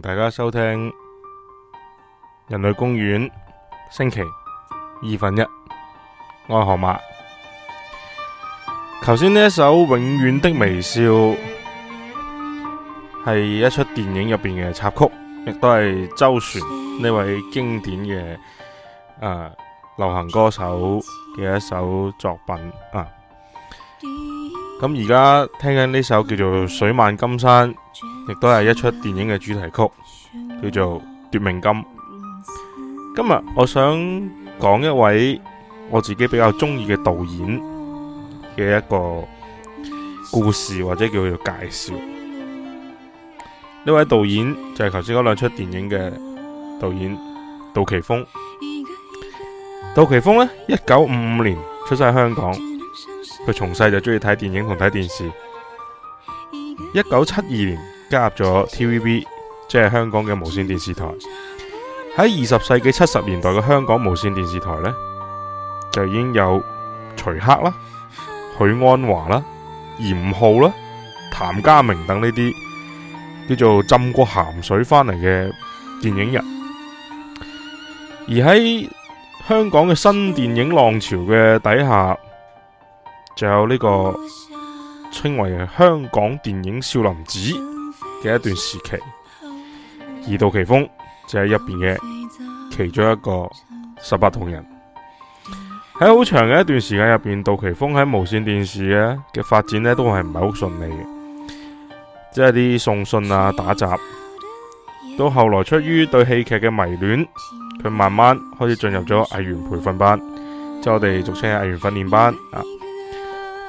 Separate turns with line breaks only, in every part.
大家收聽《人類公園》星期二分一，我係何馬。頭先呢一首《永遠的微笑》係一出電影入邊嘅插曲，亦都係周璇呢位經典嘅誒、呃、流行歌手嘅一首作品啊。咁而家聽緊呢首叫做《水漫金山》。亦都係一出電影嘅主題曲，叫做《奪命金》。今日我想講一位我自己比較中意嘅導演嘅一個故事，或者叫做介紹。呢位導演就係頭先嗰兩出電影嘅導演杜琪峰。杜琪峰呢，一九五五年出生喺香港，佢從細就中意睇電影同睇電視。一九七二年，加入咗 TVB，即係香港嘅無線電視台。喺二十世紀七十年代嘅香港無線電視台呢，就已經有徐克啦、許鞍華啦、嚴浩啦、譚家明等呢啲叫做浸過鹹水翻嚟嘅電影人。而喺香港嘅新電影浪潮嘅底下，就有呢、呢個稱為香港電影少林寺嘅一段時期，而杜琪峰就喺入邊嘅其中一個十八銅人。喺好長嘅一段時間入邊，杜琪峰喺無綫電視嘅嘅發展呢都係唔係好順利嘅，即係啲送信啊、打雜，到後來出於對戲劇嘅迷戀，佢慢慢開始進入咗藝員培訓班，即係我哋俗稱嘅藝員訓練班啊。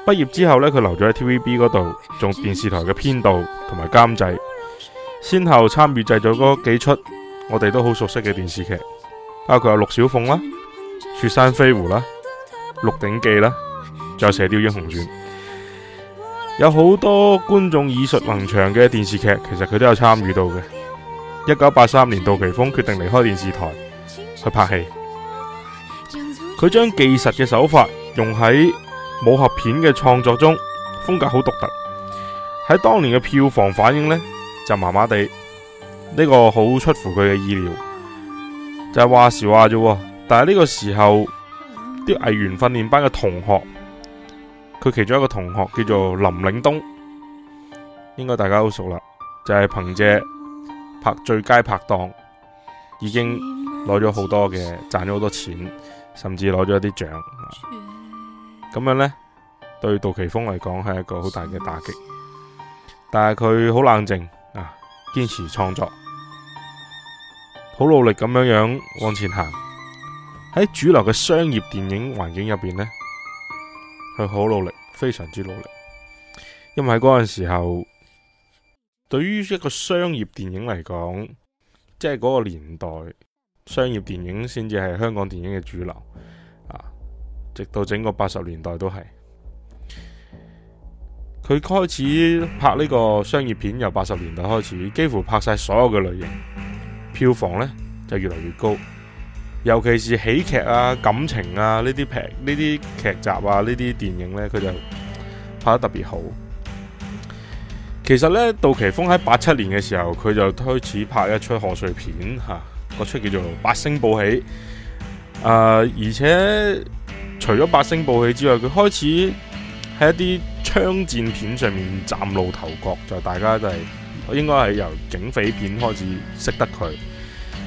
畢業之後呢，佢留咗喺 TVB 嗰度，做電視台嘅編導同埋監製，先後參與製作嗰幾齣我哋都好熟悉嘅電視劇，包括有《陸小鳳》啦，《雪山飛狐》啦，《鹿鼎記》啦，仲有《射鵰英雄傳》，有好多觀眾耳熟能詳嘅電視劇，其實佢都有參與到嘅。一九八三年，杜琪峰決定離開電視台去拍戲，
佢
將技術嘅手法用喺。武俠片嘅創作中，風格好獨特。喺當年嘅票房反應呢，就麻麻地，呢、這個好出乎佢嘅意料。就係、是、話時話啫，但係呢個時候，啲藝員訓練班嘅同學，佢其中一個同學叫做林嶺東，應該大家都熟啦。就係憑借拍最佳拍檔，已經攞咗好多嘅，賺咗好多錢，甚至攞咗一啲獎。咁樣呢，對杜琪峰嚟講係一個好大嘅打擊，但係佢好冷靜啊，堅持創作，好努力咁樣樣往前行。喺主流嘅商業電影環境入邊呢，佢好努力，非常之努力。因為喺嗰陣時候，對於一個商業電影嚟講，即係嗰個年代，商業電影先至係香港電影嘅主流。直到整個八十年代都係，佢開始拍呢個商業片，由八十年代開始，幾乎拍晒所有嘅類型，票房呢就越嚟越高。尤其是喜劇啊、感情啊呢啲片、呢啲劇集啊、呢啲電影呢佢就拍得特別好。其實呢，杜琪峰喺八七年嘅時候，佢就開始拍一出賀歲片，吓、啊，嗰齣叫做《八星報喜》，呃、而且。除咗八星報喜之外，佢開始喺一啲槍戰片上面嶄露頭角，就是、大家就係、是、應該係由警匪片開始識得佢。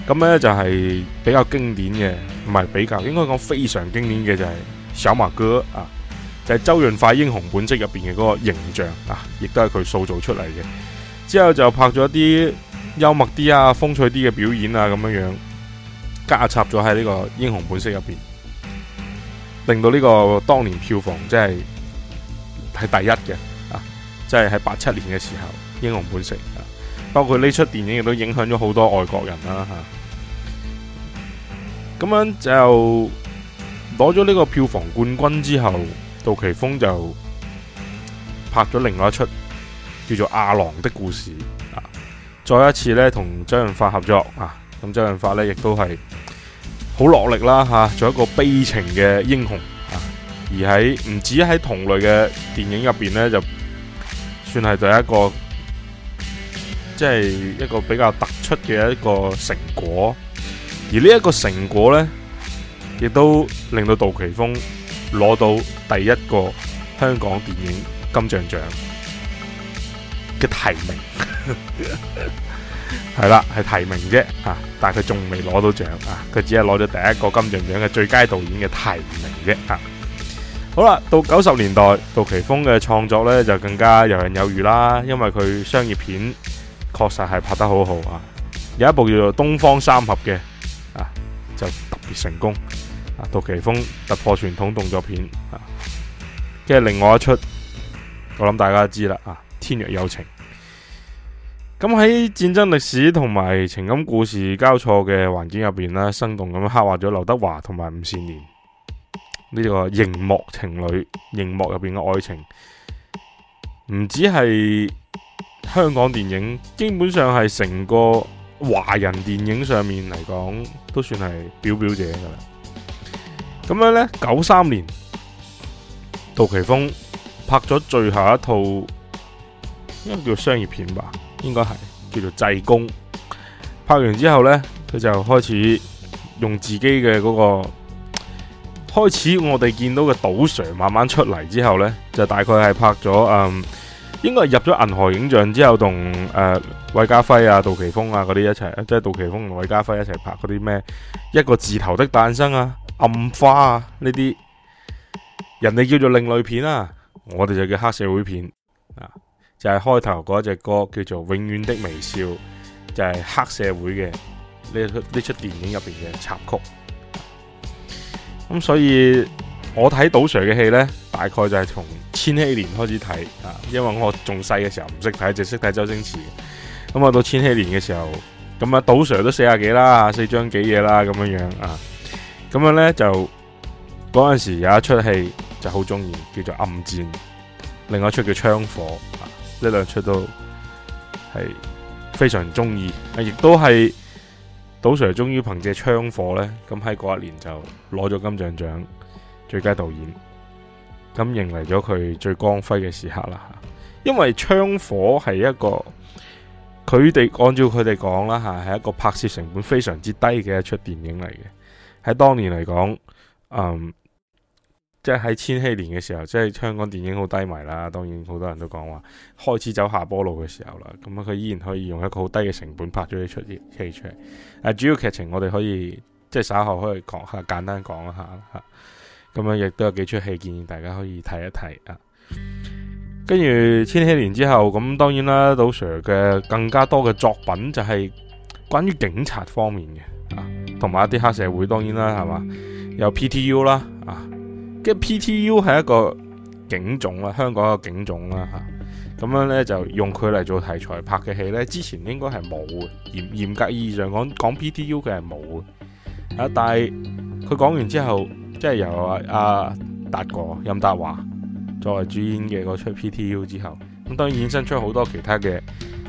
咁呢就係比較經典嘅，唔係比較，應該講非常經典嘅就係小馬哥啊，就係、是、周潤發英雄本色入邊嘅嗰個形象啊，亦都係佢塑造出嚟嘅。之後就拍咗一啲幽默啲啊、風趣啲嘅表演啊咁樣樣，加插咗喺呢個英雄本色入邊。令到呢個當年票房真係係第一嘅啊，即係喺八七年嘅時候《英雄本色》啊，包括呢齣電影亦都影響咗好多外國人啦吓。咁、啊啊、樣就攞咗呢個票房冠軍之後，嗯、杜琪峰就拍咗另外一齣叫做《阿郎的故事》啊，再一次呢，同周潤發合作啊，咁周潤發呢亦都係。好落力啦，吓做一個悲情嘅英雄，而喺唔止喺同類嘅電影入邊呢，就算係第一個，即係一個比較突出嘅一個成果。而呢一個成果呢，亦都令到杜琪峰攞到第一個香港電影金像獎嘅提名。係啦，係提名啫，但係佢仲未攞到獎啊！佢、啊、只係攞咗第一個金像獎嘅最佳導演嘅提名啫吓、啊。好啦，到九十年代，杜琪峰嘅創作呢就更加游刃有餘啦，因為佢商業片確實係拍得好好啊！有一部叫做《東方三俠》嘅啊，就特別成功、啊、杜琪峰突破傳統動作片啊，嘅另外一出，我諗大家都知啦啊，《天若有情》。咁喺戰爭歷史同埋情感故事交錯嘅環境入邊啦，生動咁刻畫咗劉德華同埋吳倩蓮呢個熒幕情侶，熒幕入邊嘅愛情，唔止係香港電影，基本上係成個華人電影上面嚟講，都算係表表者噶啦。咁樣呢，九三年杜琪峰拍咗最後一套，應該叫商業片吧。應該係叫做濟公，拍完之後呢，佢就開始用自己嘅嗰、那個開始，我哋見到嘅杜 Sir 慢慢出嚟之後呢，就大概係拍咗嗯，應該係入咗銀河影像之後，同誒韋家輝啊、杜琪峰啊嗰啲一齊，即、就、係、是、杜琪峰同韋家輝一齊拍嗰啲咩一個字頭的誕生啊、暗花啊呢啲，人哋叫做另類片啊，我哋就叫黑社會片啊。就係開頭嗰隻歌叫做《永遠的微笑》，就係、是、黑社會嘅呢呢出電影入邊嘅插曲。咁所以我睇杜 Sir 嘅戲呢，大概就係從千禧年開始睇啊，因為我仲細嘅時候唔識睇，只識睇周星馳。咁啊到千禧年嘅時候，咁啊杜 Sir 都四十幾啦，四張幾嘢啦，咁樣樣啊。咁樣呢，就嗰陣時有一出戲就好中意，叫做《暗戰》，另外一出叫《槍火》。呢兩出都係非常中意，亦都係杜 Sir 終於憑借《槍火》呢，咁喺嗰一年就攞咗金像獎最佳導演，咁迎嚟咗佢最光輝嘅時刻啦吓。因為《槍火》係一個佢哋按照佢哋講啦吓，係一個拍攝成本非常之低嘅一出電影嚟嘅，喺當年嚟講，嗯。即係喺千禧年嘅時候，即係香港電影好低迷啦。當然好多人都講話開始走下坡路嘅時候啦。咁啊，佢依然可以用一個好低嘅成本拍咗呢出戲出嚟。啊，主要劇情我哋可以即係稍後可以講下，簡單講一下吓。咁樣亦都有幾出戲建議大家可以睇一睇啊。跟住千禧年之後，咁當，啊，當然啦，杜 Sir 嘅更加多嘅作品就係關於警察方面嘅啊，同埋一啲黑社會。當然啦，係嘛有 PTU 啦啊。其實 PTU 係一個警種啦，香港一個警種啦，吓咁樣呢，就用佢嚟做題材拍嘅戲呢，之前應該係冇嚴嚴格意義上講講 PTU 佢係冇嘅，啊但係佢講完之後，即係由阿阿達哥任達華作為主演嘅嗰出 PTU 之後，咁當然衍生出好多其他嘅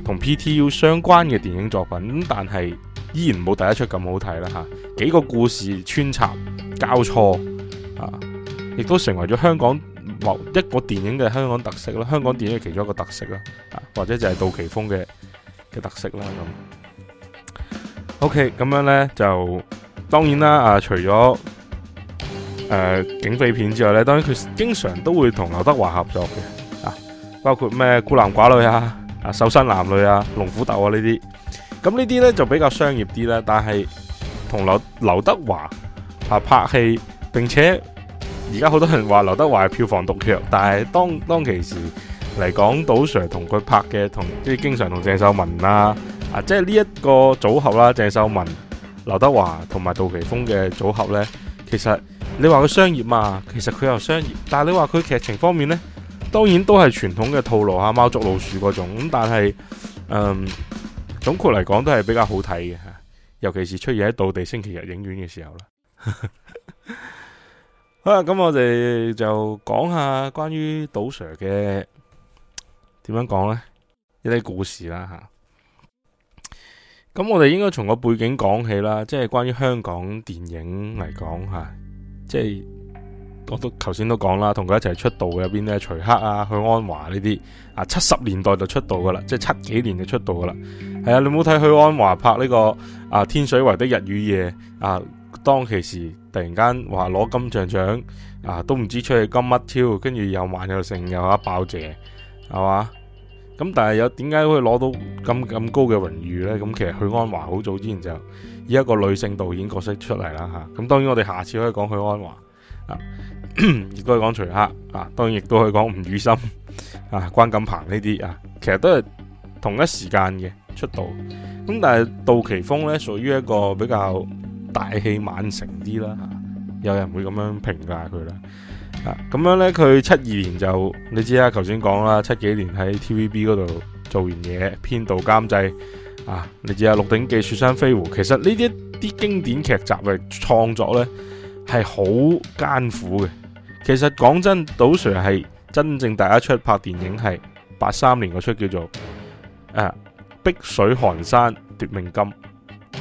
同 PTU 相關嘅電影作品，咁但係依然冇第一出咁好睇啦，吓幾個故事穿插交錯啊。亦都成為咗香港某一個電影嘅香港特色咯，香港電影嘅其中一個特色啦，啊或者就係杜琪峰嘅嘅特色啦咁。OK，咁樣呢就當然啦，啊除咗誒、呃、警匪片之外呢，當然佢經常都會同劉德華合作嘅啊，包括咩孤男寡女啊、啊瘦身男女啊、龍虎鬥啊呢啲，咁呢啲呢就比較商業啲啦，但係同劉劉德華啊拍戲，並且。而家好多人話劉德華係票房毒藥，但係當當其時嚟講，杜 Sir 和他拍的同佢拍嘅同即係經常同鄭秀文啦、啊，啊即係呢一個組合啦，鄭秀文、劉德華同埋杜琪峰嘅組合呢，其實你話佢商業嘛，其實佢又商業，但係你話佢劇情方面呢，當然都係傳統嘅套路啊，貓捉老鼠嗰種咁，但係嗯，總括嚟講都係比較好睇嘅，尤其是出現喺倒地星期日影院嘅時候啦。 好啦，咁我哋就講下關於杜 Sir 嘅，點樣講呢一啲故事啦吓。咁我哋應該從個背景講起啦，即係關於香港電影嚟講吓，即係我都頭先都講啦，同佢一齊出道嘅入邊呢，徐克啊、許鞍華呢啲啊，七十年代就出道噶啦，即係七幾年就出道噶啦。係啊，你冇睇許鞍華拍呢個啊《天水圍的日與夜》啊當其時。突然間話攞金像獎啊，都唔知出去金乜超，跟住又慢又剩又阿爆謝，係嘛？咁但係有點解可以攞到咁咁高嘅榮譽呢？咁其實許鞍華好早之前就以一個女性導演角色出嚟啦吓。咁、啊、當然我哋下次可以講許鞍華啊，亦都可以講徐克啊，當然亦都可以講吳宇森啊、關錦鵬呢啲啊，其實都係同一時間嘅出道。咁但係杜琪峯呢，屬於一個比較。大器晚成啲啦，嚇，有人會咁樣評價佢啦。啊，咁樣呢，佢七二年就你知啦、啊，頭先講啦，七幾年喺 TVB 嗰度做完嘢編導監製啊，你知啊，《鹿鼎記》《雪山飛狐》，其實呢啲啲經典劇集嘅創作呢係好艱苦嘅。其實講真，杜 Sir 係真正第一出拍電影係八三年嗰出叫做啊、《碧水寒山奪命金》。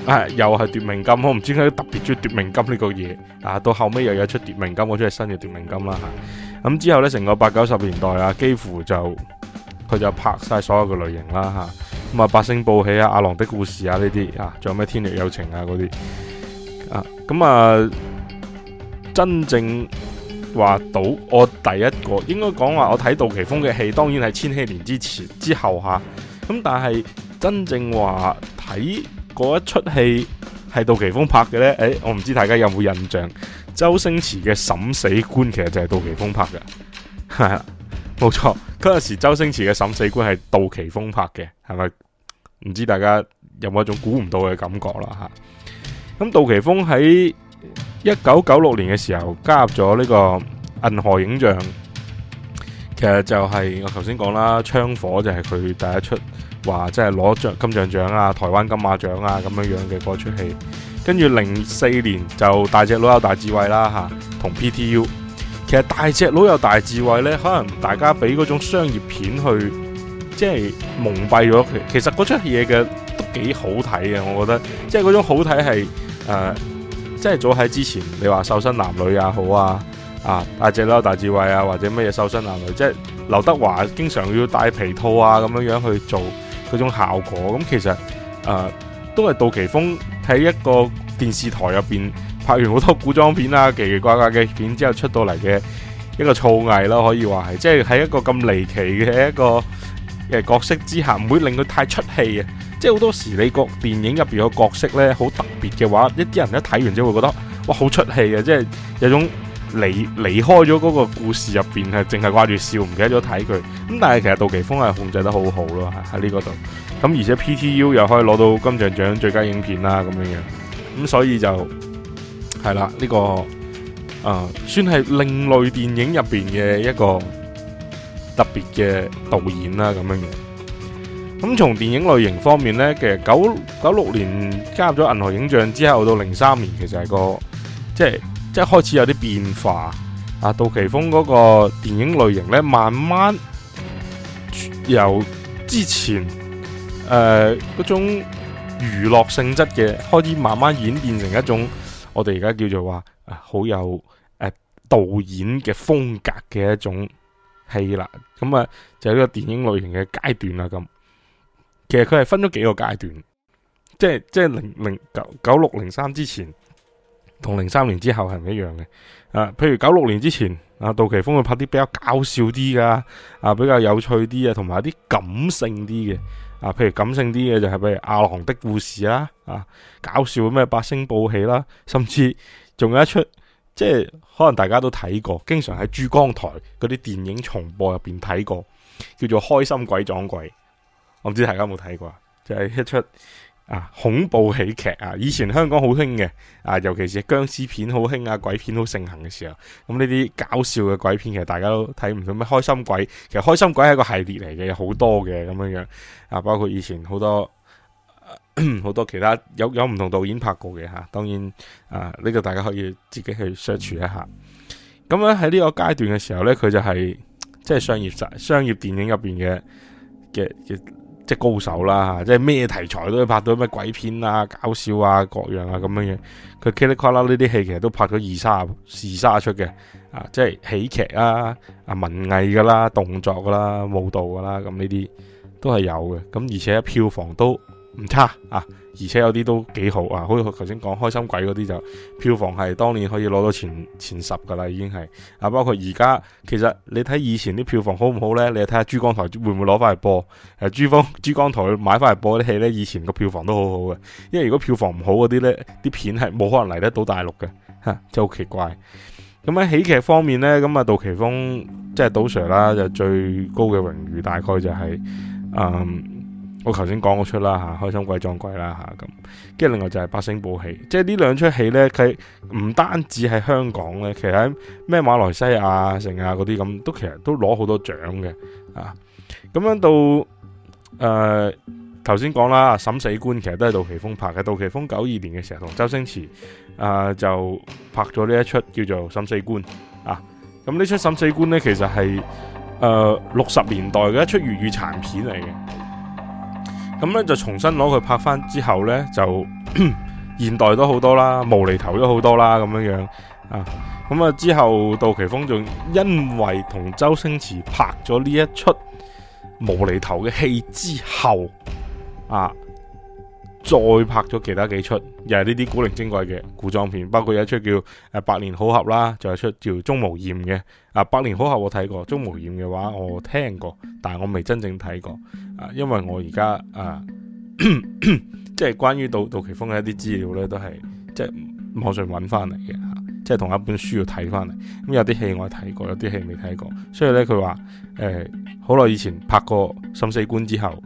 啊！又係奪命金，我唔知佢特別中意奪命金呢個嘢啊！到後尾又有出奪命金，我中意新嘅奪命金啦。咁、啊啊、之後呢，成個八九十年代啊，幾乎就佢就拍晒所有嘅類型啦。吓、啊、咁啊，八星報喜啊，阿郎的故事啊，呢啲啊，仲有咩天若有情啊嗰啲啊。咁啊，真正話到我第一個應該講話，我睇杜琪峰嘅戲，當然係千禧年之前之後吓。咁、啊、但係真正話睇。嗰一齣戲係杜琪峰拍嘅呢？誒、欸，我唔知大家有冇印象？周星馳嘅《審死官》其實就係杜琪峰拍嘅，冇錯。嗰陣時周星馳嘅《審死官》係杜琪峰拍嘅，係咪？唔知大家有冇一種估唔到嘅感覺啦？吓，咁杜琪峰喺一九九六年嘅時候加入咗呢個銀河影像，其實就係我頭先講啦，《槍火》就係佢第一出。話即係攞獎，金像獎啊，台灣金馬獎啊咁樣樣嘅嗰出戲，跟住零四年就大隻佬有大智慧啦吓，同 PTU。其實大隻佬有大智慧呢，可能大家俾嗰種商業片去即係蒙蔽咗佢。其實嗰出嘢嘅都幾好睇嘅，我覺得。即係嗰種好睇係誒，即係早喺之前你話瘦身男女也好啊，啊大隻佬有大智慧啊或者乜嘢瘦身男女，即係劉德華經常要戴皮套啊咁樣樣去做。嗰種效果咁其實誒、呃、都係杜琪峰喺一個電視台入邊拍完好多古裝片啦、奇奇怪怪嘅片之後出到嚟嘅一個創藝啦。可以話係即係喺一個咁離奇嘅一個誒角色之下，唔會令佢太出戲啊！即係好多時你個電影入邊嘅角色呢，好特別嘅話，一啲人一睇完之後會覺得哇好出戲嘅，即、就、係、是、有種。離離開咗嗰個故事入邊，係淨係掛住笑，唔記得咗睇佢。咁但係其實杜琪峰係控制得好好咯，喺呢個度。咁而且 P.T.U. 又可以攞到金像獎最佳影片啦，咁樣樣。咁所以就係啦，呢、這個啊、呃、算係另類電影入邊嘅一個特別嘅導演啦，咁樣樣。咁從電影類型方面呢，其實九九六年加入咗銀河影像之後到零三年，其實係個即係。即係開始有啲變化，啊，杜琪峰嗰個電影類型咧，慢慢由之前誒嗰、呃、種娛樂性質嘅，開始慢慢演變成一種我哋而家叫做話啊好有誒、啊、導演嘅風格嘅一種戲啦。咁啊就係呢個電影類型嘅階段啦。咁其實佢係分咗幾個階段，即係即係零零九九六零三之前。同零三年之後係唔一樣嘅，啊，譬如九六年之前，啊，杜琪峰會拍啲比較搞笑啲噶，啊，比較有趣啲啊，同埋啲感性啲嘅，啊，譬如感性啲嘅就係譬如《阿郎的故事》啦，啊，搞笑咩《八星報喜》啦，啊，甚至仲有一出，即係可能大家都睇過，經常喺珠江台嗰啲電影重播入邊睇過，叫做《開心鬼撞鬼》，我唔知大家有冇睇過，就係一出。啊！恐怖喜劇啊！以前香港好興嘅啊，尤其是僵屍片好興啊，鬼片好盛行嘅時候，咁呢啲搞笑嘅鬼片其實大家都睇唔到咩開心鬼，其實開心鬼係一個系列嚟嘅，有好多嘅，咁樣樣啊，包括以前好多好多其他有有唔同的導演拍過嘅吓、啊，當然啊呢個大家可以自己去 search 一下。咁樣喺呢個階段嘅時候呢，佢就係即係商業集、商業電影入邊嘅嘅嘅。高手啦，即係咩題材都拍到咩鬼片啊、搞笑啊、各樣啊咁樣嘢。佢噼里啪啦呢啲戲其實都拍咗二三十二三十出嘅，啊，即係喜劇啦、啊、啊文藝噶啦、動作噶啦、舞蹈噶啦，咁呢啲都係有嘅。咁而且票房都唔差啊。而且有啲都幾好啊，好似頭先講《開心鬼》嗰啲就票房係當年可以攞到前前十噶啦，已經係啊。包括而家其實你睇以前啲票房好唔好呢？你睇下珠江台會唔會攞翻嚟播，啊？珠峰、珠江台買翻嚟播啲戲呢，以前個票房都好好嘅。因為如果票房唔好嗰啲呢，啲片係冇可能嚟得到大陸嘅吓，真係好奇怪。咁喺喜劇方面呢，咁啊杜琪峰，即係杜 Sir 啦，就係、最高嘅榮譽大概就係、是、嗯。我頭先講嗰出啦，吓，開心鬼撞鬼啦吓咁，跟、啊、住、啊、另外就係八星報喜，即係呢兩出戲呢，佢唔單止係香港咧，其實喺咩馬來西亞成啊嗰啲咁，都其實都攞好多獎嘅啊。咁樣到誒，頭先講啦，審、呃、死官其實都係杜琪峰拍嘅，杜琪峰九二年嘅時候同周星馳誒、呃、就拍咗呢一出叫做審死官啊。咁呢出審死官呢，其實係誒六十年代嘅一出粵語殘片嚟嘅。咁咧就重新攞佢拍翻之後呢，就現代咗好多啦，無厘頭咗好多啦咁樣樣啊！咁啊之後，杜琪峰仲因為同周星馳拍咗呢一出無厘頭嘅戲之後啊。再拍咗其他幾出，又係呢啲古靈精怪嘅古裝片，包括有一出叫《誒百年好合》啦，仲有一出叫《鍾無艷》嘅。啊，百年好合我睇過，鍾無艷嘅話我聽過，但係我未真正睇過。啊，因為我而家啊，即係、就是、關於杜杜琪峰嘅一啲資料呢，都係即係網上揾翻嚟嘅，即係同一本書要睇翻嚟。咁有啲戲我睇過，有啲戲未睇過，所以呢，佢話誒，好、欸、耐以前拍過《審死官》之後。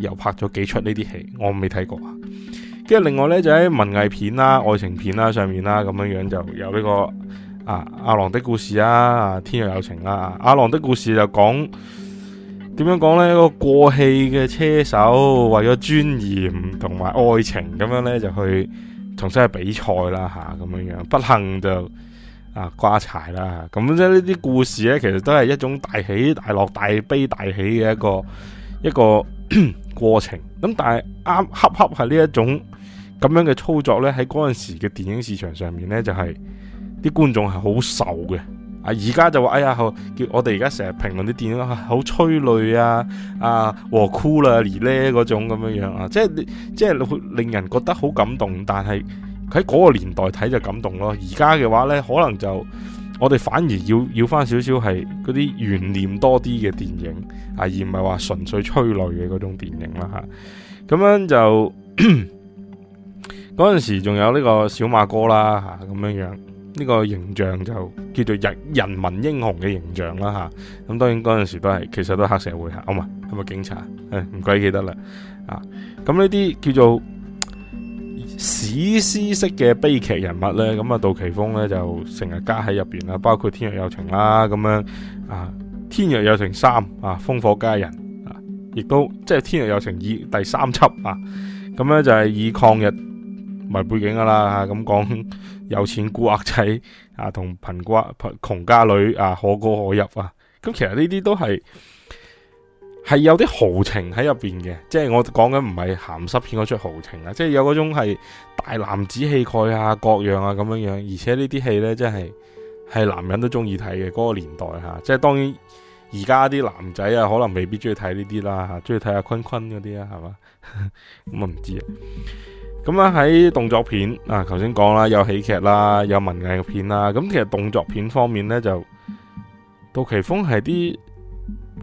又拍咗幾出呢啲戲，我未睇過啊。跟住另外呢，就喺文藝片啦、愛情片啦上面啦，咁樣樣就有呢、這個啊阿郎的故事啊、天若有情啦、啊。阿郎的故事就講點樣講呢？一個過氣嘅車手為咗尊嚴同埋愛情咁樣呢就去重新去比賽啦吓，咁樣樣不幸就啊瓜柴啦。咁即係呢啲故事呢，其實都係一種大喜大樂大悲大喜嘅一個一個。一個 過程咁，但係啱恰恰係呢一種咁樣嘅操作呢，喺嗰陣時嘅電影市場上面呢就係、係、啲觀眾係好受嘅啊！而家就話哎呀，叫我哋而家成日評論啲電影好催淚啊、啊和酷啦而呢嗰種咁樣樣啊，即係即係令人覺得好感動，但係喺嗰個年代睇就感動咯，而家嘅話呢，可能就。我哋反而要要翻少少係嗰啲懸念多啲嘅電影啊，而唔係話純粹催淚嘅嗰種電影啦吓。咁樣就嗰陣 時仲有呢個小馬哥啦吓，咁樣樣呢個形象就叫做人人民英雄嘅形象啦吓。咁當然嗰陣時都係，其實都黑社會吓，唔係唔係警察，誒唔鬼記得啦啊。咁呢啲叫做。史詩式嘅悲劇人物呢，咁啊杜琪峯呢就成日加喺入邊啦，包括《天若有情》啦，咁樣啊，《天若有情》三啊，《烽火佳人》啊，亦都即係《天若有情》二第三輯啊，咁呢就係以抗日為背景噶啦，咁講有錢古惑仔啊，同貧瓜窮家女啊，可歌可泣啊，咁其實呢啲都係。係有啲豪情喺入邊嘅，即係我講緊唔係咸濕片嗰出豪情啊，即係有嗰種係大男子氣概啊、各樣啊咁樣樣，而且呢啲戲呢，真係係男人都中意睇嘅嗰個年代吓，即係當然而家啲男仔啊，可能未必中意睇呢啲啦吓，中意睇下坤坤嗰啲啊，係嘛？咁啊唔知啊，咁啊喺動作片啊，頭先講啦，有喜劇啦，有文藝片啦，咁其實動作片方面呢，就杜琪峰係啲。到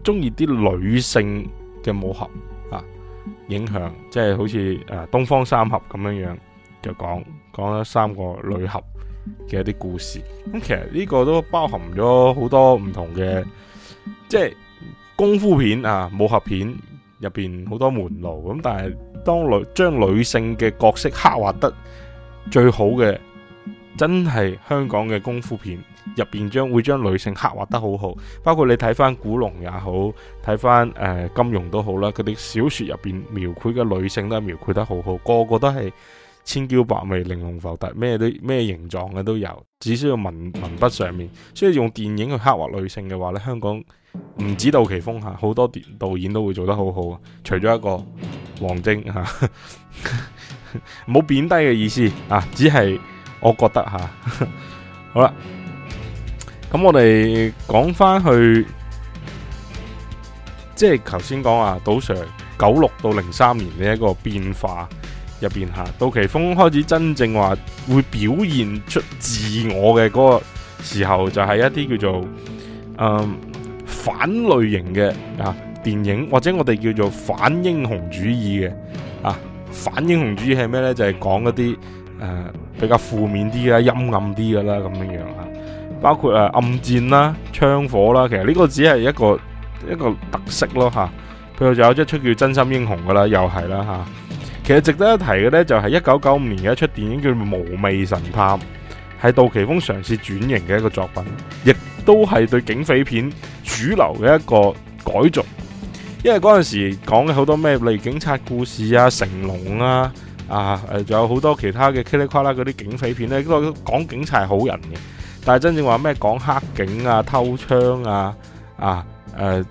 中意啲女性嘅武俠啊，影響，即係、就是、好似誒東方三俠咁樣樣就講講咗三個女俠嘅一啲故事咁，其實呢個都包含咗好多唔同嘅即係功夫片啊，武俠片入邊好多門路咁，但係當女將女性嘅角色刻畫得最好嘅。真係香港嘅功夫片入邊，將會將女性刻畫得好好。包括你睇翻《古龍》也好，睇翻誒《金庸》都好啦。佢啲小說入邊描繪嘅女性都係描繪得好好，個個都係千嬌百媚，玲瓏浮凸，咩都咩形狀嘅都有。只需要文文筆上面，所以用電影去刻畫女性嘅話咧，香港唔止杜琪峰吓，好多導演都會做得好好。除咗一個王晶吓，冇，啊，貶低嘅意思啊，只係。我覺得吓，好啦，咁我哋講翻去，即係頭先講啊，杜 Sir 九六到零三年呢一個變化入邊吓，杜琪峰開始真正話會表現出自我嘅嗰個時候，就係、是、一啲叫做嗯、呃、反類型嘅啊電影，或者我哋叫做反英雄主義嘅啊，反英雄主義係咩呢？就係講嗰啲誒。呃比較負面啲啦，陰暗啲嘅啦，咁樣樣吓，包括誒、啊、暗戰啦、槍火啦，其實呢個只係一個一個特色咯吓。佢、啊、仲有一出叫《真心英雄》噶啦，又係啦吓。其實值得一提嘅呢，就係一九九五年嘅一出電影叫《無味神探》，係杜琪峰嘗試轉型嘅一個作品，亦都係對警匪片主流嘅一個改造。因為嗰陣時講嘅好多咩，例如警察故事啊，成龍啊。啊，誒，仲有好多其他嘅噼里呱啦嗰啲警匪片咧，都講警察係好人嘅，但係真正話咩講黑警啊，偷槍啊，啊，誒、呃，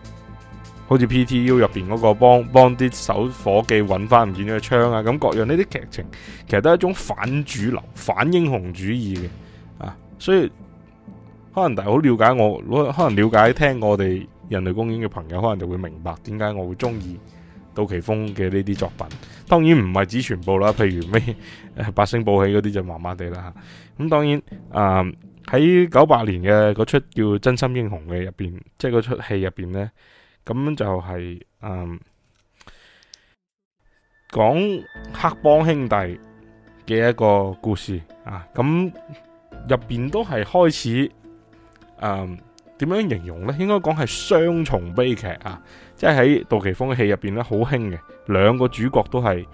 好似 PTU 入邊嗰個幫幫啲手伙計揾翻唔見咗個槍啊，咁各樣呢啲劇情，其實都係一種反主流、反英雄主義嘅。啊，所以可能大家好了解我，可能了解聽我哋人類公園嘅朋友，可能就會明白點解我會中意。杜琪峰嘅呢啲作品，當然唔係指全部啦，譬如咩《八星報喜》嗰啲就麻麻地啦。咁當然，啊喺九八年嘅嗰出叫《真心英雄》嘅入邊，即係嗰出戲入邊呢，咁就係、是、嗯講黑幫兄弟嘅一個故事啊。咁入邊都係開始，嗯點樣形容呢？應該講係雙重悲劇啊。即係喺杜琪峰嘅戲入邊咧，好興嘅，兩個主角都係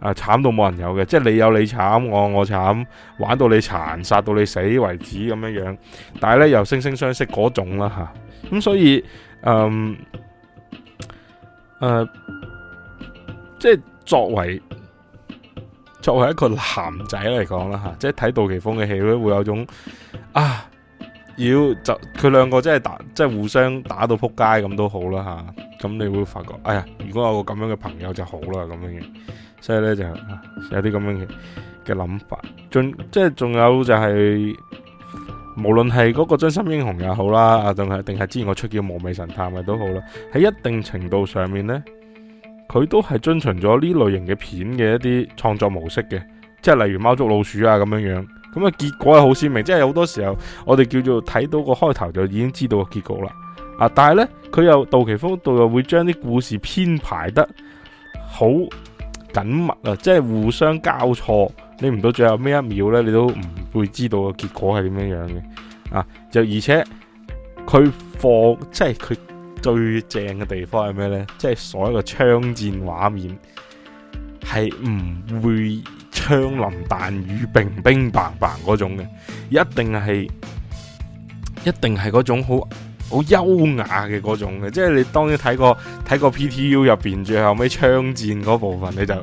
啊慘到冇人有嘅，即係你有你慘，我我慘，玩到你殘，殺到你死為止咁樣樣，但係咧又惺惺相惜嗰種啦吓，咁、啊嗯、所以嗯誒、呃，即係作為作為一個男仔嚟講啦吓，即係睇杜琪峰嘅戲咧，會有一種啊。要就佢兩個真係打，真係互相打到撲街咁都好啦吓。咁、啊、你會發覺，哎呀，如果有個咁樣嘅朋友就好啦咁樣嘅。所以咧就有啲咁樣嘅嘅諗法。仲即係仲有就係、是，無論係嗰個真心英雄又好啦，啊仲係定係之前我出叫無味神探嘅都好啦。喺一定程度上面咧，佢都係遵循咗呢類型嘅片嘅一啲創作模式嘅，即係例如貓捉老鼠啊咁樣樣。咁啊，結果係好鮮明，即係好多時候我哋叫做睇到個開頭就已經知道個結局啦。啊，但係呢，佢又杜琪峰導又會將啲故事編排得好緊密啊，即係互相交錯，你唔到最後咩一秒呢，你都唔會知道個結果係點樣樣嘅。啊，就而且佢放即係佢最正嘅地方係咩呢？即係所有嘅槍戰畫面係唔會。槍林彈雨、冰冰棒棒嗰種嘅，一定係一定係嗰種好好優雅嘅嗰種嘅，即係你當然睇過睇過 PTU 入邊最後尾槍戰嗰部分，你就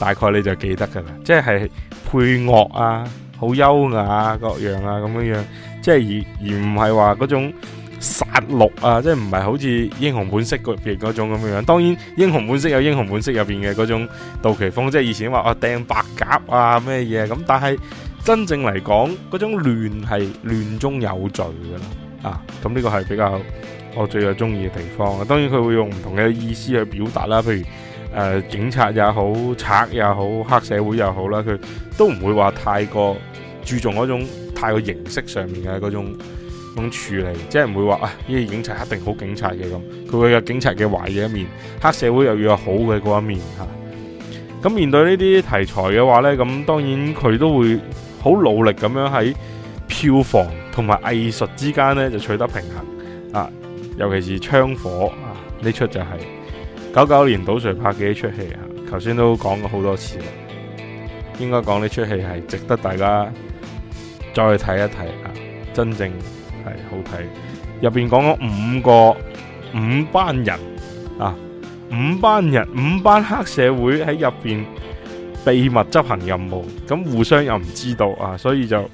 大概你就記得噶啦，即係配樂啊，好優雅、啊、各樣啊咁樣樣，即係而而唔係話嗰種。殺戮啊，即係唔係好似英雄本色嗰邊嗰種咁樣樣。當然，英雄本色有英雄本色入邊嘅嗰種杜琪峰，即係以前話啊掟白鴿啊咩嘢咁。但係真正嚟講，嗰種亂係亂中有序噶啦。啊，咁呢、啊啊、個係比較我最有中意嘅地方。當然佢會用唔同嘅意思去表達啦，譬如誒、呃、警察也好，賊也好，黑社會又好啦，佢都唔會話太過注重嗰種太過形式上面嘅嗰種。咁處理，即係唔會話啊！呢個警察一定好警察嘅，咁，佢會有警察嘅壞嘅一面，黑社會又要有好嘅嗰一面嚇。咁、啊、面對呢啲題材嘅話呢，咁當然佢都會好努力咁樣喺票房同埋藝術之間呢就取得平衡啊。尤其是槍火啊呢出就係九九年杜 Sir 拍嘅一出戲啊，頭先都講過好多次啦。應該講呢出戲係值得大家再睇一睇啊，真正。係好睇，入邊講咗五個五班人啊，五班人五班黑社會喺入邊秘密執行任務，咁互相又唔知道啊，所以就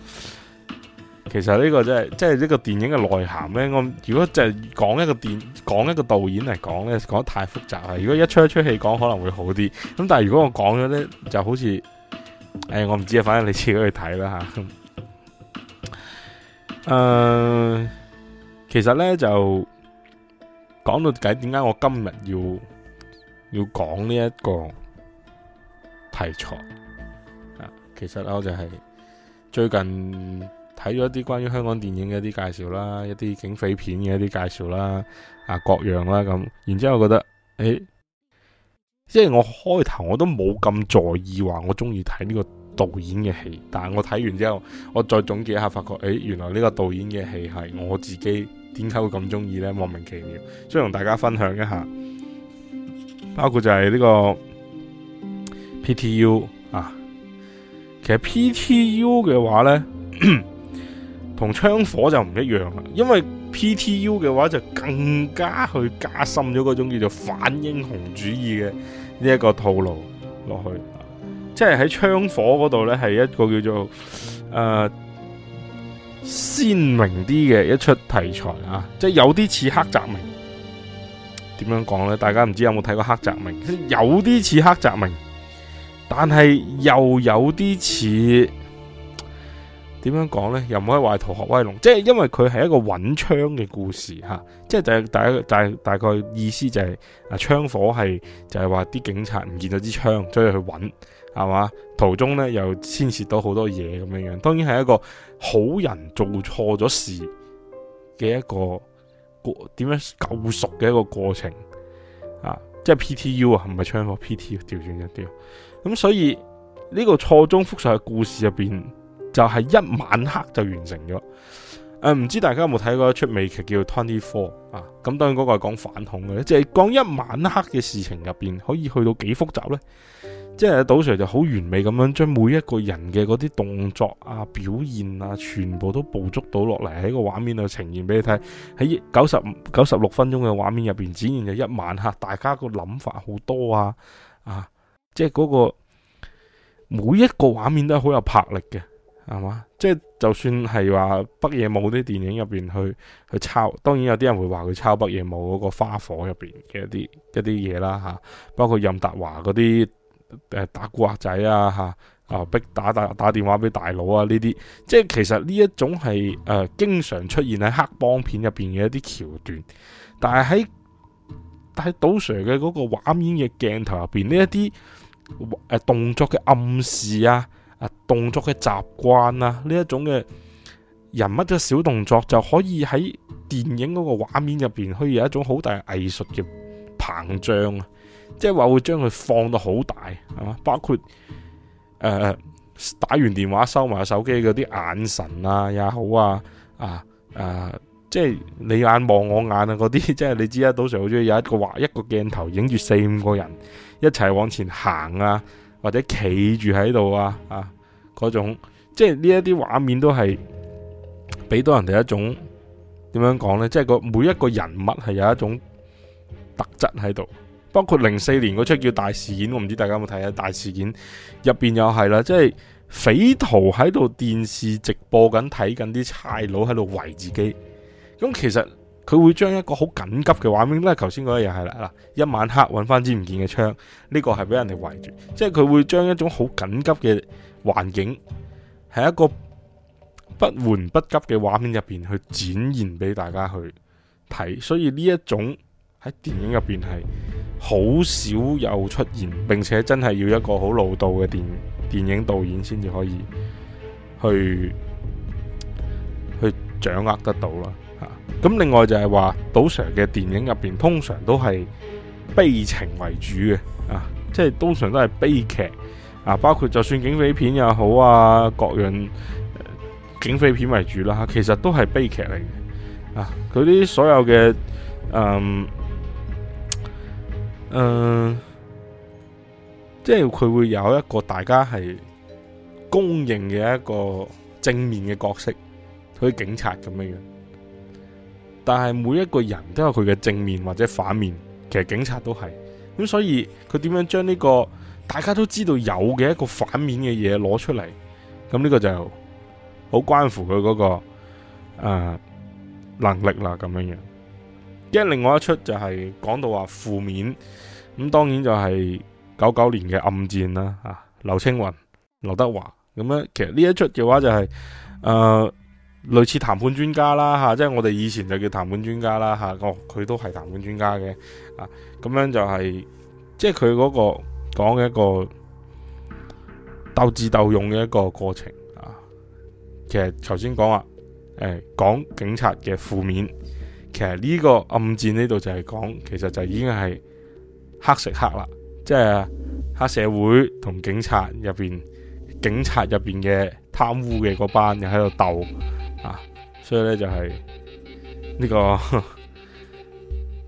其實呢個真係即係呢個電影嘅內涵呢。我如果就係講一個電講一個導演嚟講呢講得太複雜啦。如果一出一出戲講可能會好啲。咁但係如果我講咗呢，就好似誒、欸、我唔知啊，反正你自己去睇啦吓。啊誒、uh, 啊，其實咧就講到底點解我今日要要講呢一個題材，其實我就係、是、最近睇咗一啲關於香港電影嘅一啲介紹啦，一啲警匪片嘅一啲介紹啦，啊各樣啦咁、啊，然之後我覺得誒，即係我開頭我都冇咁在意話我中意睇呢個。導演嘅戲，但係我睇完之後，我再總結一下，發覺誒、欸，原來呢個導演嘅戲係我自己點解會咁中意呢？莫名其妙，想同大家分享一下，包括就係呢個 PTU 啊，其實 PTU 嘅話呢，同槍火就唔一樣啦，因為 PTU 嘅話就更加去加深咗嗰種叫做反英雄主義嘅呢一個套路落去。即係喺槍火嗰度呢係一個叫做誒鮮、呃、明啲嘅一出題材啊！即係有啲似黑澤明，點樣講呢？大家唔知有冇睇過黑澤明，有啲似黑澤明，但係又有啲似點樣講呢？又唔可以話逃學威龍，即係因為佢係一個揾槍嘅故事吓、啊，即係大大大大，大概意思就係啊槍火係就係話啲警察唔見咗支槍，所以去揾。係嘛？途中咧又牽涉到好多嘢咁樣樣，當然係一個好人做錯咗事嘅一個過點樣救贖嘅一個過程啊！即係 PTU 啊，唔係槍火 PTU 調轉一啲。咁所以呢、這個錯綜複雜嘅故事入邊，就係、是、一晚黑就完成咗。誒、啊，唔知大家有冇睇過一出美劇叫 Twenty Four 啊？咁當然嗰個係講反恐嘅，即係講一晚黑嘅事情入邊可以去到幾複雜咧。即係杜 Sir 就好完美咁樣將每一個人嘅嗰啲動作啊、表現啊，全部都捕捉到落嚟喺個畫面度呈現俾你睇。喺九十九十六分鐘嘅畫面入邊展現咗一晚。吓，大家個諗法好多啊！啊，即係嗰、嗰個每一個畫面都係好有魄力嘅，係嘛？即係就算係話北野武啲電影入邊去去抄，當然有啲人會話佢抄北野武嗰個花火入邊嘅一啲一啲嘢啦吓、啊，包括任達華嗰啲。誒、呃，打古惑仔啊，吓啊，逼打打打電話俾大佬啊，呢啲即係其實呢一種係誒、呃，經常出現喺黑幫片入邊嘅一啲橋段，但係喺喺杜 Sir 嘅嗰個畫面嘅鏡頭入邊，呢一啲誒動作嘅暗示啊，啊、呃、動作嘅習慣啊，呢一種嘅人物嘅小動作就可以喺電影嗰個畫面入邊，可以有一種好大藝術嘅膨脹啊！即係話會將佢放到好大，係、啊、嘛？包括誒、呃，打完電話收埋手機嗰啲眼神啊也好啊，啊誒、啊，即係你眼望我眼啊嗰啲，即係你知啊。杜 Sir 好中意有一個畫，一個鏡頭影住四五個人一齊往前行啊，或者企住喺度啊，啊嗰種，即係呢一啲畫面都係俾到人哋一種點樣講呢？即係個每一個人物係有一種特質喺度。包括零四年嗰出叫《大事件》，我唔知大家有冇睇啊！《大事件》入邊又係啦，即係匪徒喺度電視直播緊睇緊啲差佬喺度圍自己。咁其實佢會將一個好緊急嘅畫面，都係頭先嗰樣嘢係啦。嗱，一晚黑揾翻支唔見嘅槍，呢個係俾人哋圍住，即係佢會將一種好緊急嘅環境，係一個不緩不急嘅畫面入邊去展現俾大家去睇。所以呢一種。喺電影入邊係好少有出現，並且真係要一個好老道嘅電電影導演先至可以去去掌握得到啦吓。咁、啊、另外就係話，杜 Sir 嘅電影入邊通常都係悲情為主嘅啊，即係通常都係悲劇啊，包括就算警匪片又好啊，各樣、呃、警匪片為主啦、啊、其實都係悲劇嚟嘅啊，佢啲所有嘅嗯。誒、呃，即係佢會有一個大家係公認嘅一個正面嘅角色，好似警察咁樣樣。但係每一個人都有佢嘅正面或者反面，其實警察都係咁，所以佢點樣將呢個大家都知道有嘅一個反面嘅嘢攞出嚟，咁呢個就好關乎佢嗰個誒、呃、能力啦，咁樣樣。一另外一出就係講到話負面，咁當然就係九九年嘅暗戰啦，吓劉青雲、劉德華，咁其實呢一出嘅話就係、是、誒、呃、類似談判專家啦，吓、啊、即係我哋以前就叫談判專家啦，吓哦佢都係談判專家嘅啊，咁、哦啊、樣就係、是、即係佢嗰個講嘅一個鬥智鬥勇嘅一個過程啊，其實頭先講話誒講警察嘅負面。其實呢個暗戰呢度就係講，其實就已經係黑食黑啦，即係黑社會同警察入邊，警察入邊嘅貪污嘅嗰班又喺度鬥啊，所以呢、就是這個，就係呢個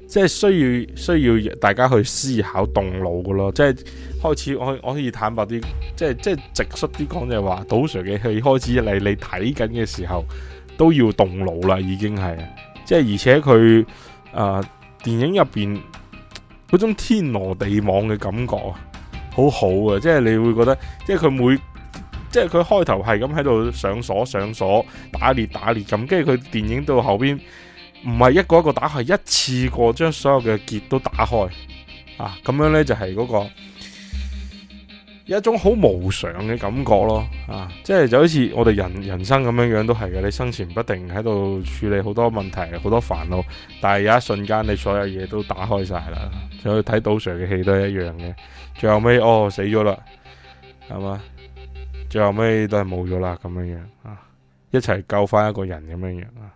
即係需要需要大家去思考動腦噶咯，即係開始，我我可以坦白啲，即係即係直率啲講就係話，杜 Sir 嘅戲開始嚟，你睇緊嘅時候都要動腦啦，已經係。即係而且佢啊、呃，電影入邊嗰種天羅地網嘅感覺啊，好好啊！即係你會覺得，即係佢每，即係佢開頭係咁喺度上鎖上鎖，打裂打裂咁，跟住佢電影到後邊唔係一個一個打開，係一次過將所有嘅結都打開啊！咁樣呢就係嗰、嗰個。有一種好無常嘅感覺咯，啊，即係就好似我哋人人生咁樣樣都係嘅，你生前不定喺度處理好多問題、好多煩惱，但係有一瞬間你所有嘢都打開晒啦，就去睇杜 Sir 嘅戲都係一樣嘅，最後尾，哦死咗啦，係嘛，最後尾都係冇咗啦，咁樣樣啊，一齊救翻一個人咁樣樣啊，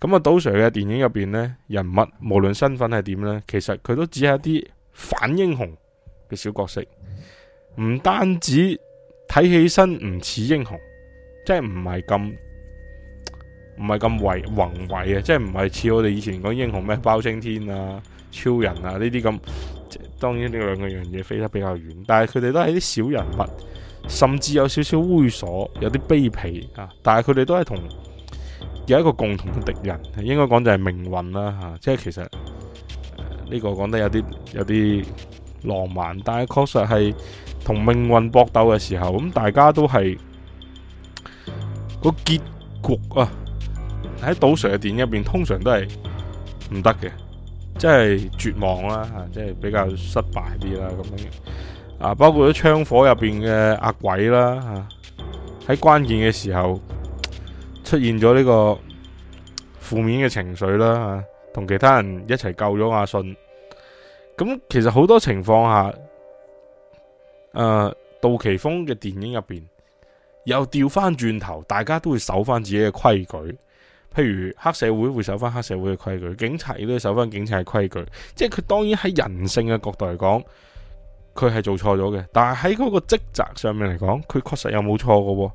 咁啊杜 Sir 嘅電影入邊呢，人物無論身份係點呢，其實佢都只係一啲反英雄嘅小角色。唔單止睇起身唔似英雄，即係唔係咁唔係咁宏偉啊！即係唔係似我哋以前講英雄咩包青天啊、超人啊呢啲咁，當然呢兩個樣嘢飛得比較遠。但係佢哋都係啲小人物，甚至有少少猥瑣，有啲卑鄙啊！但係佢哋都係同有一個共同嘅敵人，應該講就係命運啦吓。即係其實呢、呃這個講得有啲有啲浪漫，但係確實係。同命運搏鬥嘅時候，咁大家都係個結局啊！喺杜 Sir 嘅電影入邊，通常都係唔得嘅，即係絕望啦，吓即係比較失敗啲啦，咁樣啊，包括咗槍火入邊嘅阿鬼啦，吓喺關鍵嘅時候出現咗呢個負面嘅情緒啦，吓同其他人一齊救咗阿信。咁其實好多情況下。誒、呃，杜琪峰嘅電影入邊，又調翻轉頭，大家都會守翻自己嘅規矩。譬如黑社會會守翻黑社會嘅規矩，警察亦都守翻警察嘅規矩。即係佢當然喺人性嘅角度嚟講，佢係做錯咗嘅。但係喺嗰個職責上面嚟講，佢確實又冇錯嘅，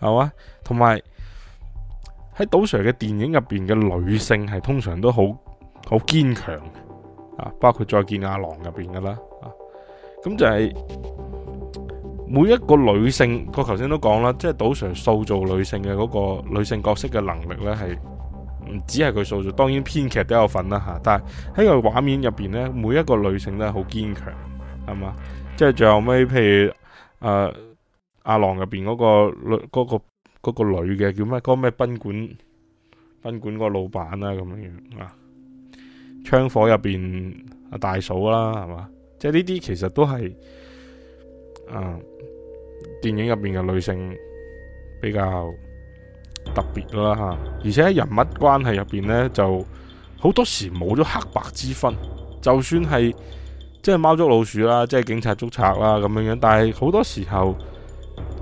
係嘛？同埋喺杜 Sir 嘅電影入邊嘅女性，係通常都好好堅強啊，包括再見阿郎入邊噶啦，咁就係、是。每一個女性，我頭先都講啦，即係杜 Sir 塑造女性嘅嗰個女性角色嘅能力呢，係唔只係佢塑造，當然編劇都有份啦吓。但係喺個畫面入邊呢，每一個女性都係好堅強，係嘛？即係最後尾，譬如誒、呃、阿郎入邊嗰個女的，嗰個嗰個女嘅叫咩？嗰個咩賓館賓館嗰個老闆啦，咁樣樣啊，槍火入邊阿大嫂啦，係嘛？即係呢啲其實都係。嗯，電影入邊嘅女性比較特別啦吓，而且喺人物關係入邊呢，就好多時冇咗黑白之分，就算係即係貓捉老鼠啦，即係警察捉賊啦咁樣樣，但係好多時候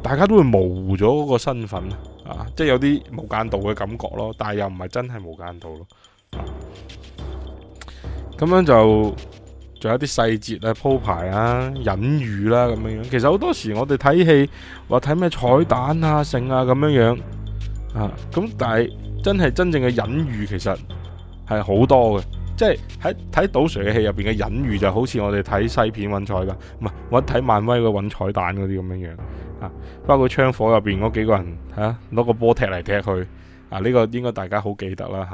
大家都會模糊咗嗰個身份啊，即係有啲無間道嘅感覺咯，但係又唔係真係無間道咯，咁樣就。有一啲細節啊、鋪排啊、隱喻啦咁樣樣，其實好多時我哋睇戲，話睇咩彩蛋啊、剩啊咁樣樣啊，咁但係真係真正嘅隱喻其實係好多嘅，即係喺睇杜 Sir 嘅戲入邊嘅隱喻就好似我哋睇西片揾彩蛋噶，唔係我睇漫威嘅揾彩蛋嗰啲咁樣樣啊，包括槍火入邊嗰幾個人吓攞、啊、個波踢嚟踢去啊，呢、這個應該大家好記得啦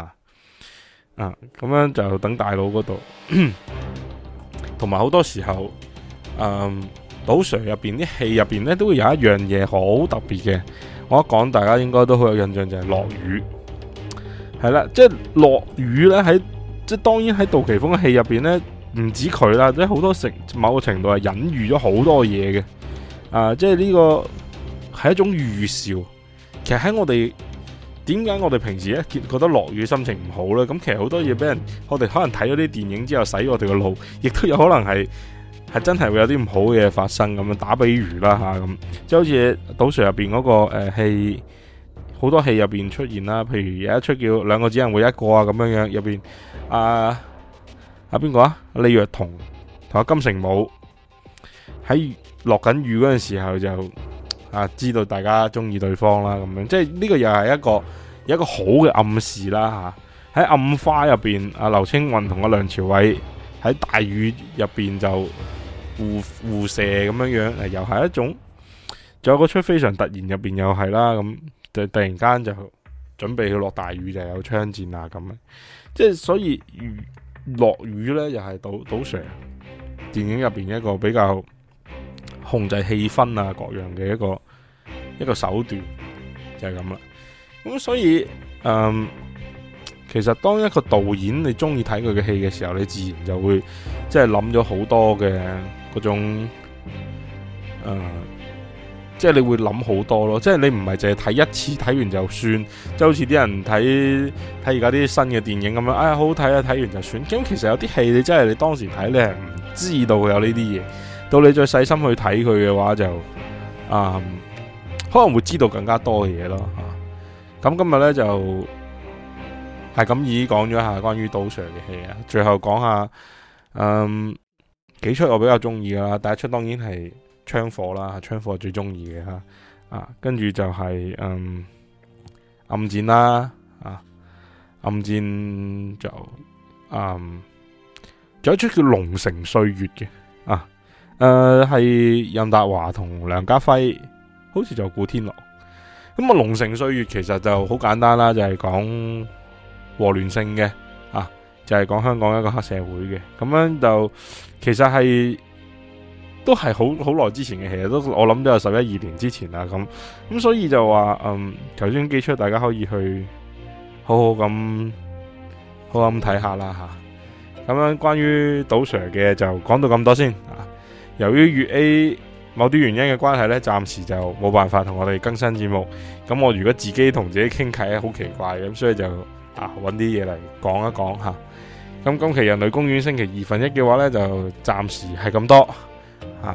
吓啊，咁樣就等大佬嗰度。同埋好多時候，嗯，杜 Sir 入邊啲戲入邊咧，都會有一樣嘢好特別嘅。我一講，大家應該都好有印象就係落雨，係啦，即係落雨咧喺即係當然喺杜琪峰嘅戲入邊咧，唔止佢啦，即係好多成某個程度係隱喻咗好多嘢嘅。啊、呃，即係呢個係一種預兆，其實喺我哋。點解我哋平時咧覺得落雨心情唔好呢？咁其實好多嘢俾人，我哋可能睇咗啲電影之後，洗我哋嘅腦，亦都有可能係係真係會有啲唔好嘅嘢發生咁。打比如啦吓，咁即係好似杜 Sir 入邊嗰個誒戲，好、呃、多戲入邊出現啦。譬如有一出叫兩個只能活一個啊咁樣樣入邊，阿阿邊個啊？李若彤同阿金城武喺落緊雨嗰陣時候就。啊！知道大家中意對方啦，咁樣即係呢個又係一個一個好嘅暗示啦吓，喺、啊、暗花入邊，阿、啊、劉青雲同阿梁朝偉喺大雨入邊就互互射咁樣樣，又係一種。仲有個出非常突然入邊又係啦，咁就突然間就準備去落大雨就有槍戰啊咁。即係所以落雨呢，又係杜杜 Sir 電影入邊一個比較。控制氣氛啊，各樣嘅一個一個手段就係咁啦。咁所以，嗯，其實當一個導演你中意睇佢嘅戲嘅時候，你自然就會即係諗咗好多嘅嗰種，誒，即係你會諗好多咯。即係你唔係淨係睇一次，睇完就算，即係好似啲人睇睇而家啲新嘅電影咁樣，哎呀，好好睇啊，睇完就算。咁其實有啲戲你真係你當時睇你係唔知道他有呢啲嘢。到你再細心去睇佢嘅話就，就、嗯、啊，可能會知道更加多嘅嘢咯。咁、啊、今日呢就，就係咁已講咗下關於杜 sir 嘅戲啊。最後講下，嗯，幾出我比較中意啦。第一出當然係《槍火》啦，啦《槍火》最中意嘅吓啊。跟住就係、是、嗯，暗戰啦，啊暗戰就嗯仲、啊、有一出叫龍歲《龍城歲月》嘅啊。誒，係、呃、任達華同梁家輝，好似就古天樂咁啊。《龍城歲月》其實就好簡單啦，就係、是、講和聯性嘅啊，就係、是、講香港一個黑社會嘅咁樣就，其實係都係好好耐之前嘅，其實都我諗都有十一二年之前啦。咁咁所以就話，嗯，頭先寄出，大家可以去好好咁好好咁睇下啦吓。咁、啊、樣關於杜 Sir 嘅就講到咁多先。由於粵 A 某啲原因嘅關係呢，暫時就冇辦法同我哋更新節目。咁我如果自己同自己傾偈，好奇怪嘅，咁所以就啊揾啲嘢嚟講一講吓。咁、啊、今期人類公園星期二分一嘅話呢就暫時係咁多吓。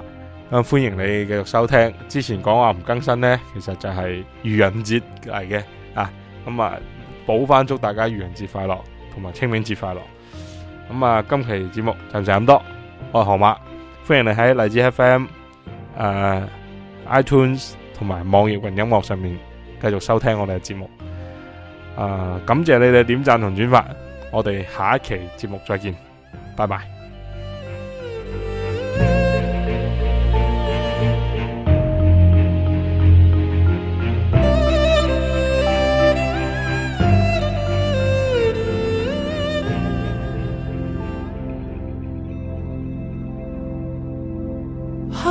咁、啊、歡迎你繼續收聽。之前講話唔更新呢，其實就係愚人節嚟嘅啊。咁啊，補翻祝大家愚人節快樂，同埋清明節快樂。咁啊，今期節目暫時咁多。我係河馬。歡迎你喺荔枝 FM、呃、誒 iTunes 同埋網易雲音樂上面繼續收聽我哋嘅節目。誒、呃，感謝你哋點讚同轉發，我哋下一期節目再見，拜拜。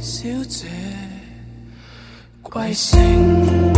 小姐，貴姓？